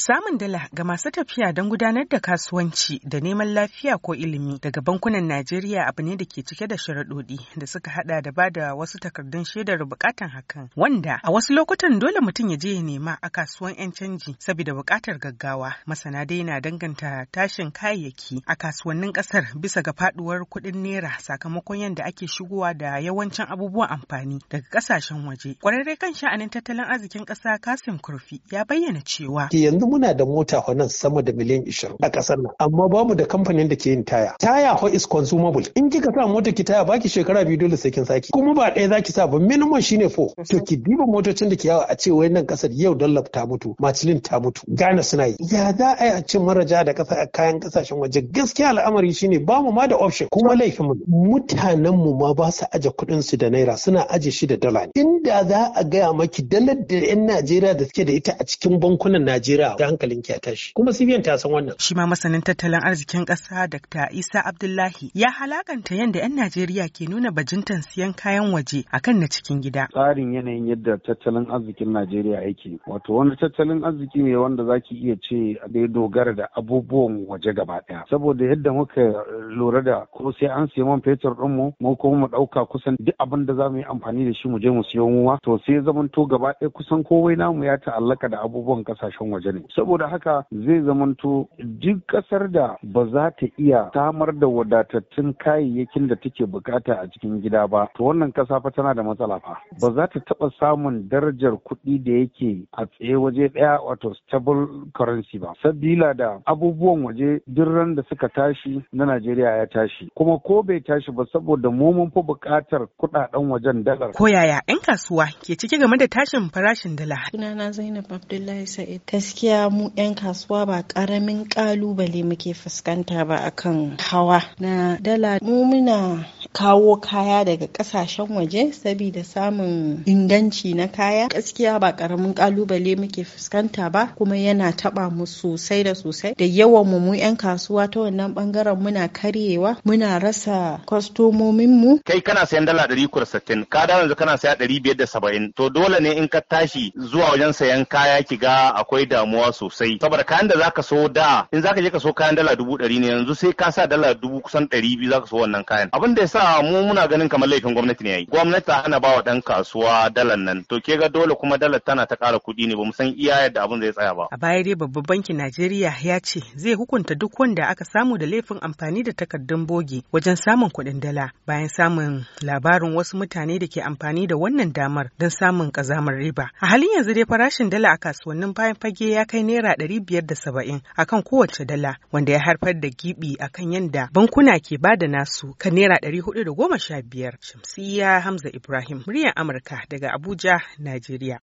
Samun dala ga masu tafiya don gudanar da kasuwanci da neman lafiya ko ilimi daga bankunan Najeriya abu ne da ke cike da sharaɗoɗi da suka hada da ba da wasu takardun shaidar bukatan hakan wanda a wasu lokutan dole mutum ya je ya nema a kasuwan 'yan canji saboda bukatar gaggawa. Masana dai na danganta tashin kayayyaki a kasuwannin kasar bisa ga faduwar kuɗin naira sakamakon yadda ake shigowa da yawancin abubuwan amfani daga kasashen waje. Kwararre kan sha'anin tattalin arzikin ƙasa Kasim Kurfi ya bayyana cewa. Yanzu muna da mota nan sama da miliyan 20 a kasar nan amma mu da kamfanin da ke yin taya taya ho is consumable in kika sa mota ki taya baki shekara biyu dole sai kin saki kuma ba ɗaya zaki sa ba minimum shine fo to ki diba motocin da ke yawa a ce wai nan kasar yau dollar ta mutu machilin ta mutu gana suna yi ya za a yi a ce maraja da kasa a kayan kasashen waje gaskiya al'amari shine ba bamu ma da option kuma laifin mu mutanen mu ma ba su aje kuɗin su da naira suna aje shi da dala inda za a gaya maki dalar da 'yan Najeriya da suke da ita a cikin bankunan Najeriya da hankalin ki a tashi kuma CBN ta san wannan shi ma masanin tattalin arzikin ƙasa Dr. Isa Abdullahi ya halakanta yadda 'yan Najeriya ke nuna bajintan siyan kayan waje akan na cikin gida tsarin yanayin yadda tattalin arzikin Najeriya yake wato wani tattalin arziki ne wanda zaki iya ce da ya dogara da abubuwan waje gaba ɗaya saboda yadda muka lura da ko sai an siya man fetur din mu mu kuma mu ɗauka kusan duk abin da zamu yi amfani da shi mu je mu siyo muwa to sai zamanto gaba ɗaya kusan kowai namu ya ta'allaka da abubuwan kasashen waje ne saboda haka zai zamanto duk ƙasar da ba za ta iya samar da wadatattun kayayyakin da take bukata a cikin gida ba to wannan ƙasa fa tana da matsala fa ba za ta taba samun darajar kuɗi da yake a tsaye waje ɗaya wato stable currency ba sabila da abubuwan waje duk da suka tashi na Najeriya Najeriya ya tashi kuma ko bai tashi ba saboda mu mun fi buƙatar kuɗaɗen wajen dalar. Ko yaya 'yan kasuwa ke ciki game da tashin farashin dala? Sunana Zainab Abdullahi Sa'id. Gaskiya mu 'yan kasuwa ba ƙaramin ƙalubale muke fuskanta ba akan hawa na dala mu muna kawo kaya daga kasashen waje saboda samun inganci na kaya gaskiya ba karamin kalubale muke fuskanta ba kuma yana taba mu sosai da sosai da yawan mu mu yan kasuwa ta wannan bangaren muna karyewa muna rasa kwastomomin mu kai kana sayan dala 160 ka da yanzu kana saya 570 to dole ne in ka tashi zuwa wajen sayan kaya ki ga akwai damuwa sosai saboda kayan da zaka so da in zaka je ka so kayan dala 100 ne yanzu sai ka sa dala dubu kusan 200 zaka so wannan kayan abin da yasa mu muna ganin kamar laifin gwamnati ne yayi gwamnati ana ba wa dan kasuwa dalar nan to ke ga dole kuma dalar tana ta ƙara kuɗi ne bamu san iya yadda abin zai tsaya ba a baya dai babban bankin Najeriya ya ce zai hukunta duk wanda aka samu da laifin amfani da takardun bogi wajen samun kuɗin dala bayan samun labarin wasu mutane da ke amfani da wannan damar don samun kazamar riba a halin yanzu dai farashin dala a kasuwannin bayan fage ya kai naira ɗari biyar da saba'in akan kowace dala wanda ya haifar da gibi akan yadda bankuna ke da nasu kan naira ɗari da goma sha biyar Shamsiyya Hamza Ibrahim muryar Amurka daga Abuja, Najeriya.